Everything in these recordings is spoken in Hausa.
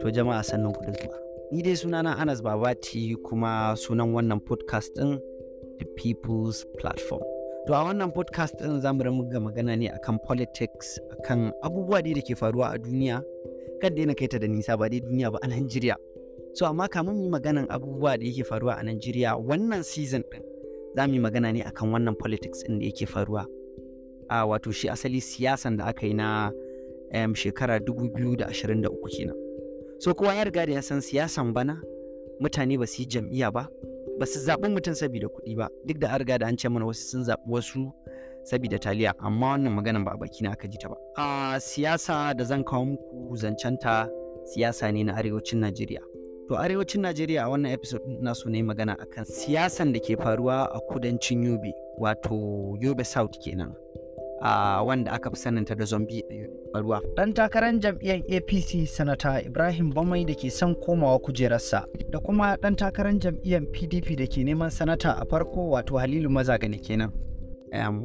To jama'a sannan ku da Ni dai sunana Anas Babati kuma sunan wannan podcast ɗin The People's Platform. To a wannan podcast ɗin za mu ga magana ne akan politics, akan abubuwa da ke faruwa a duniya. Kan dai na kai ta da nisa ba dai duniya ba a Najeriya. So amma kamun mu maganan abubuwa da yake faruwa a Najeriya wannan season ɗin za mu yi magana ne akan wannan politics ɗin da yake faruwa. a wato shi asali siyasan da aka yi na um, shekara 2023 kenan so kowa ya riga da ya san siyasan bana mutane ba su yi jam'iyya ba ba su zaɓi mutum saboda kuɗi ba duk da an da an ce mana wasu sun zaɓi wasu saboda taliya amma wannan maganan ba a baki na aka ji ta ba a siyasa da zan kawo muku zancenta siyasa ne na arewacin najeriya to arewacin najeriya a wannan episode na so ne magana akan siyasan da ke faruwa a kudancin yobe wato yobe south kenan A wanda aka fi saninta da zombi eh, a Dan takarar jam'iyyar APC sanata Ibrahim Bamai da ke son komawa kujerarsa da kuma dan takarar jam'iyyar PDP da ke neman sanata a farko wato Halilu Mazagani kenan.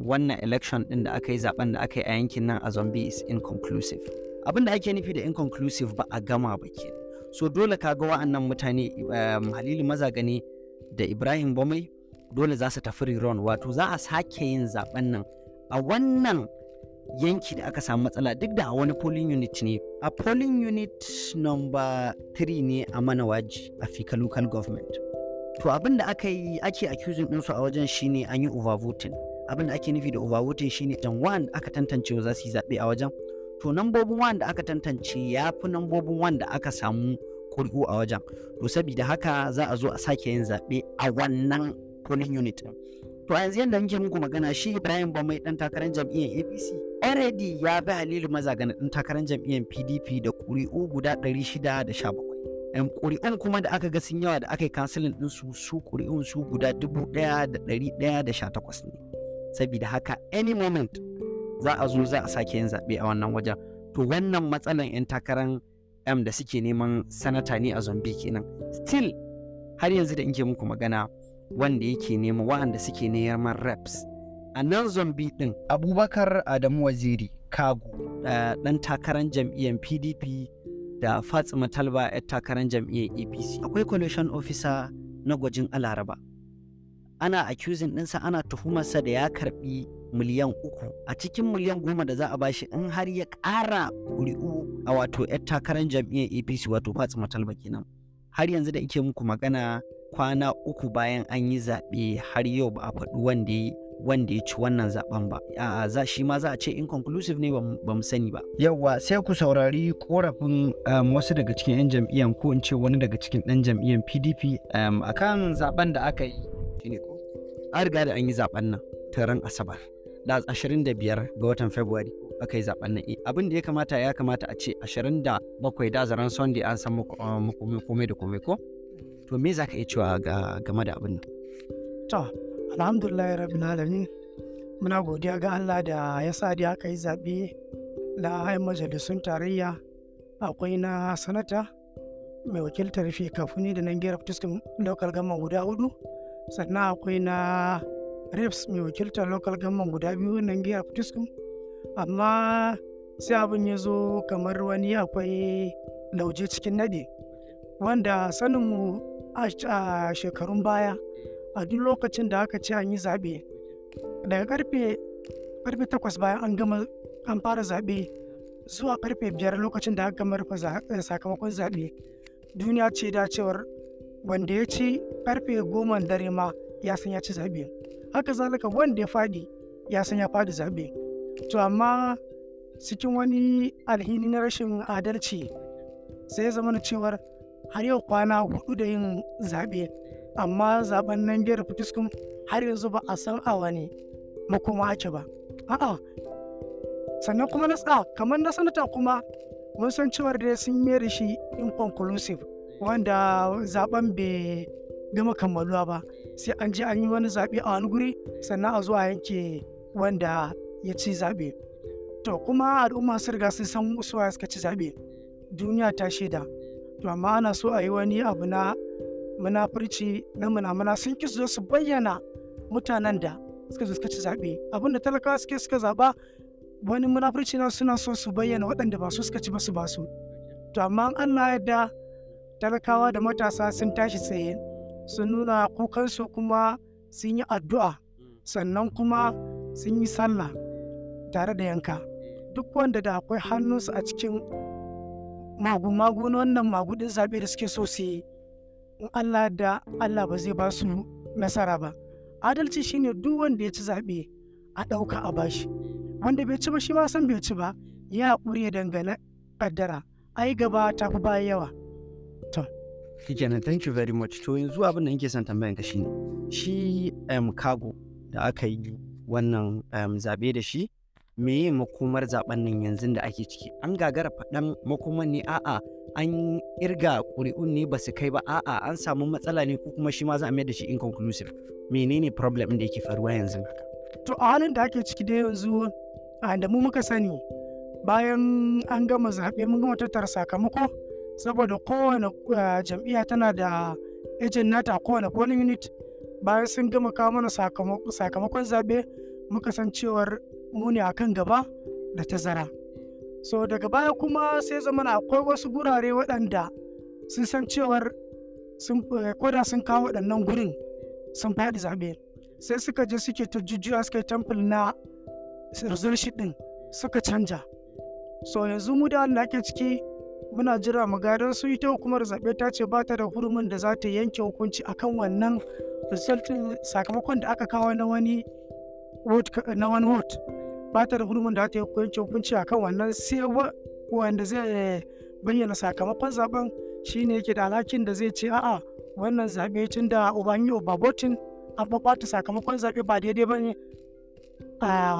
wannan election din da aka yi zaben da aka yi a yankin nan a zombi is inconclusive. Abin da ake nufi da inconclusive ba a gama ba ke. So dole ka ga wa'annan mutane um, Halilu Mazagani da Ibrahim Bamai dole za su tafi rerun wato za a sake yin zaben nan a wannan yanki da aka samu matsala duk da a wani polling unit ne a polling unit number 3 ne a manawaji a fika local government to abin da aka yi ake accusing ɗinsu a wajen shine an yi overvoting abin da ake nufi da overvoting shine dan wan aka tantance za su yi zaɓe a wajen to nambobin wan da aka tantance ya fi nambobin wan da aka samu kuri'u a wajen to sabida haka za a zo a sake yin zaɓe a wannan polling unit to yanzu yadda muke muku magana shi ibrahim bamai dan takarar jam'iyyar apc already ya bi halilu mazagana dan takarar jam'iyyar pdp da kuri'u guda 617 yan kuri'un kuma da aka ga sun yawa da aka yi kansilin ɗinsu su kuri'un su guda 1118 ne saboda haka any moment za a zo za a sake yin zaɓe a wannan wajen to wannan matsalan yan takarar m da suke neman sanata ne a zombi kenan still har yanzu da in muku magana wanda yake nema wa'anda suke neman reps a nan zombi din abubakar adamu waziri kago dan takarar jam'iyyar pdp da fatima talba 'yar takarar jam'iyyar apc akwai coalition officer na gwajin alaraba ana accusing ɗinsa ana tuhumarsa da ya karbi miliyan uku a cikin miliyan goma da za a bashi in har ya ƙara ƙuri'u a wato 'yar takarar jam'iyyar apc wato fatima talba kenan har yanzu da ike muku magana kwana uku bayan an yi zaɓe har yau ba a faɗi wanda ya wanda ya ci wannan zaben ba a shi ma za a ce inconclusive ne ba mu sani ba yawwa sai ku saurari korafin um, wasu daga cikin 'yan jam'iyyar ko in ce wani daga cikin ɗan jam'iyyar pdp um, a kan zaben da aka yi shine ko an riga da an yi zaben nan taron asabar da 25 ga watan february aka yi zaben nan eh, abin da ya kamata ya kamata a ce 27 da zaren sunday an san um, muku komai da komai ko to me za ka iya cewa game da abin to alhamdulillah rabbil alamin muna godiya ga Allah da ya sa da aka yi zaɓe na hayan majalisun tarayya akwai na sanata mai wakiltar fi e kafuni da nan gera tuskin lokal gama guda hudu sannan akwai na reps mai wakiltar lokal gama guda biyu nan gera tuskin amma sai abin ya zo kamar wani akwai lauje cikin nade wanda saninmu a shekarun baya a duk lokacin da aka ce an yi zaɓe daga karfe karfe takwas bayan an gama an fara zaɓe zuwa karfe biyar lokacin da aka gama rufe eh, sakamakon zaɓe duniya ce da cewar wanda ya ci karfe goma dare ma ya san ya ci zaɓe haka zalika wanda ya faɗi ya san ya faɗi zaɓe to amma cikin wani alhini na rashin adalci sai ya zama cewar har yau kwana hudu da yin zaɓe amma zaben nan biyar fitiskun har yanzu ba a san a wani makoma ake ba a'a sannan kuma na tsa kamar na sanata kuma mun san cewar da sun mayar shi inconclusive wanda zaben bai gama kammaluwa ba sai an je an yi wani zaɓe a wani guri sannan a zuwa yanke wanda ya ci zaɓe to kuma al'umma sun riga sun san wasu suka ci zaɓe duniya ta shaida to amma ana so a yi wani abu na munafurci na munamuna sun ki su bayyana mutanen da suka zo suka ci zaɓe abinda talakawa suke suka zaɓa wani munafurci na suna so su bayyana waɗanda ba su suka ci ba su ba su to amma an na yadda talakawa da matasa sun tashi tsaye sun nuna kukansu kuma sun yi addu'a sannan kuma sun yi sallah tare da yanka duk wanda da akwai hannunsu a cikin magun wannan magudin zaɓe da suke so su yi in Allah da Allah ba zai ba su nasara ba adalci shine duk wanda ya ci zaɓe a ɗauka a bashi wanda bai ci ba shi ma san bai ci ba ya ƙure ya dangana ƙaddara ai gaba ta fi baya yawa to shikenan thank you very much to yanzu abin da nake son tambayan ka shine shi um, kago da aka yi wannan um, zaɓe da shi Me meye makomar zaben nan yanzu da ake ciki an gagara faɗan makoman ne a'a an irga ƙuri'un ne ba su kai ba a'a an samu matsala ne ko kuma shi ma za a mayar da shi in inconclusive menene problem da yake faruwa yanzu to a halin da ake ciki da yanzu a da mu muka sani bayan an gama zaɓe mun gama tattara sakamako saboda kowane jam'iyya tana da ejen nata kowane polling unit bayan sun gama kawo mana sakamakon zaɓe muka san cewar muni ne akan gaba da tazara so daga baya kuma sai zamana akwai wasu gurare waɗanda sun san cewar sun eh, koda sun kawo waɗannan gurin sun faɗi zaɓe sai suka je suke ta jujjuya suka yi tamfil na resolution ɗin suka canja so yanzu mu da Allah ake ciki muna jira mu magadon su ita hukumar zaɓe ta ce ba ta da hurumin da za ta yanke hukunci akan wannan result sakamakon da aka kawo na wani na bata da hurumin da ta yi hukunci hukunci akan wannan sai wanda zai eh, bayyana sakamakon zaben shine yake da alhakin da zai ce a'a wannan zaɓe tun da ubanyo babotin an ɓata sakamakon zaɓe ba daidai ba ne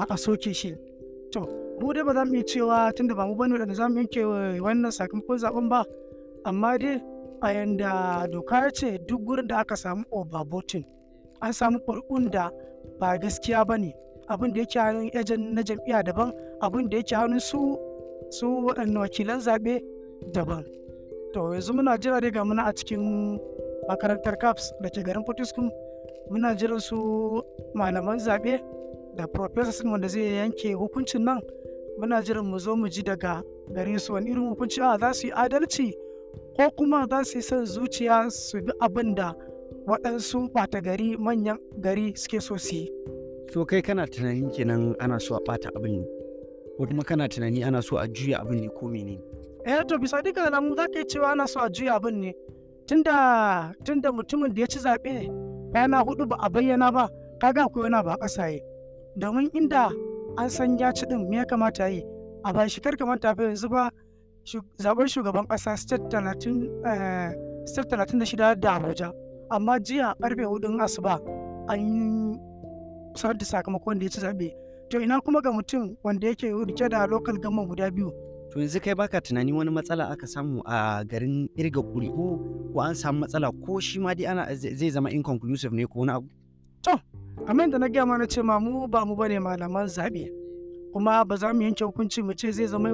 a soke shi to mu dai ba za mu yi cewa tun da ba mu bane wadanda za mu yanke wannan sakamakon zaben ba amma dai a yanda doka ya ce duk gurin da aka samu overvoting an samu ƙuri'un da ba gaskiya ba ne abin da yake hannun ejen na jam'iyya daban abin da yake hannun su su waɗannan wakilan zaɓe daban to yanzu muna jira daga ga muna a cikin makarantar caps da ke garin potiskum muna jiran su malaman zaɓe da professors wanda zai yanke hukuncin nan muna jiran mu zo mu ji daga gare su wani irin hukunci a za su yi adalci ko kuma za su yi son zuciya su bi abin da waɗansu ɓata gari manyan gari suke so su yi so kai kana tunanin kenan ana so a ɓata abin ne ko kuma kana tunani ana so a juya abin ne ko menene eh to bisa duka alamu za ka yi cewa ana so a juya abin ne tunda tunda mutumin da ya ci zaɓe yana hudu ba a bayyana ba kaga akwai wani ba yi domin inda an san ya ci din me ya kamata yi a ba shi kar kamata fa yanzu ba zaɓen shugaban ƙasa state 36 eh, talatin da shida da abuja amma jiya ƙarfe hudun asuba an samar da sakamakon da ya ci zaɓe to ina kuma ga mutum wanda yake rike da local government guda biyu to yanzu kai baka tunani wani matsala aka samu a garin irga kuri ko ko an samu matsala ko shi ma dai ana zai zama inconclusive ne ko wani abu to amma da na gaya mana ce ma mu ba mu bane malaman zaɓe kuma ba za mu yanke hukunci mu ce zai zama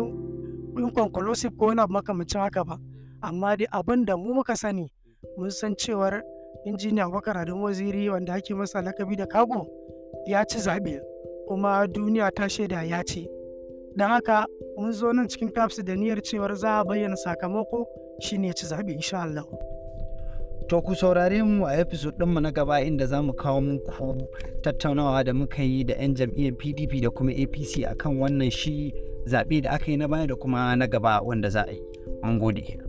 inconclusive ko wani abu makamancin haka ba amma dai abin da mu muka sani mun san cewar injiniya wakara da waziri wanda ake masa lakabi da kago ya ci zaɓe kuma duniya ta shaida ya ci don haka mun zo nan cikin kafsi da niyyar cewar za a bayyana sakamako shine ci zaɓe insha Allah. To ku saurare mu a episode ɗinmu na gaba inda zamu kawo muku tattaunawa da muka yi da 'yan jam'iyyar PDP da kuma APC akan wannan shi zaɓe da aka yi na baya da kuma na gaba wanda za a yi. an gode.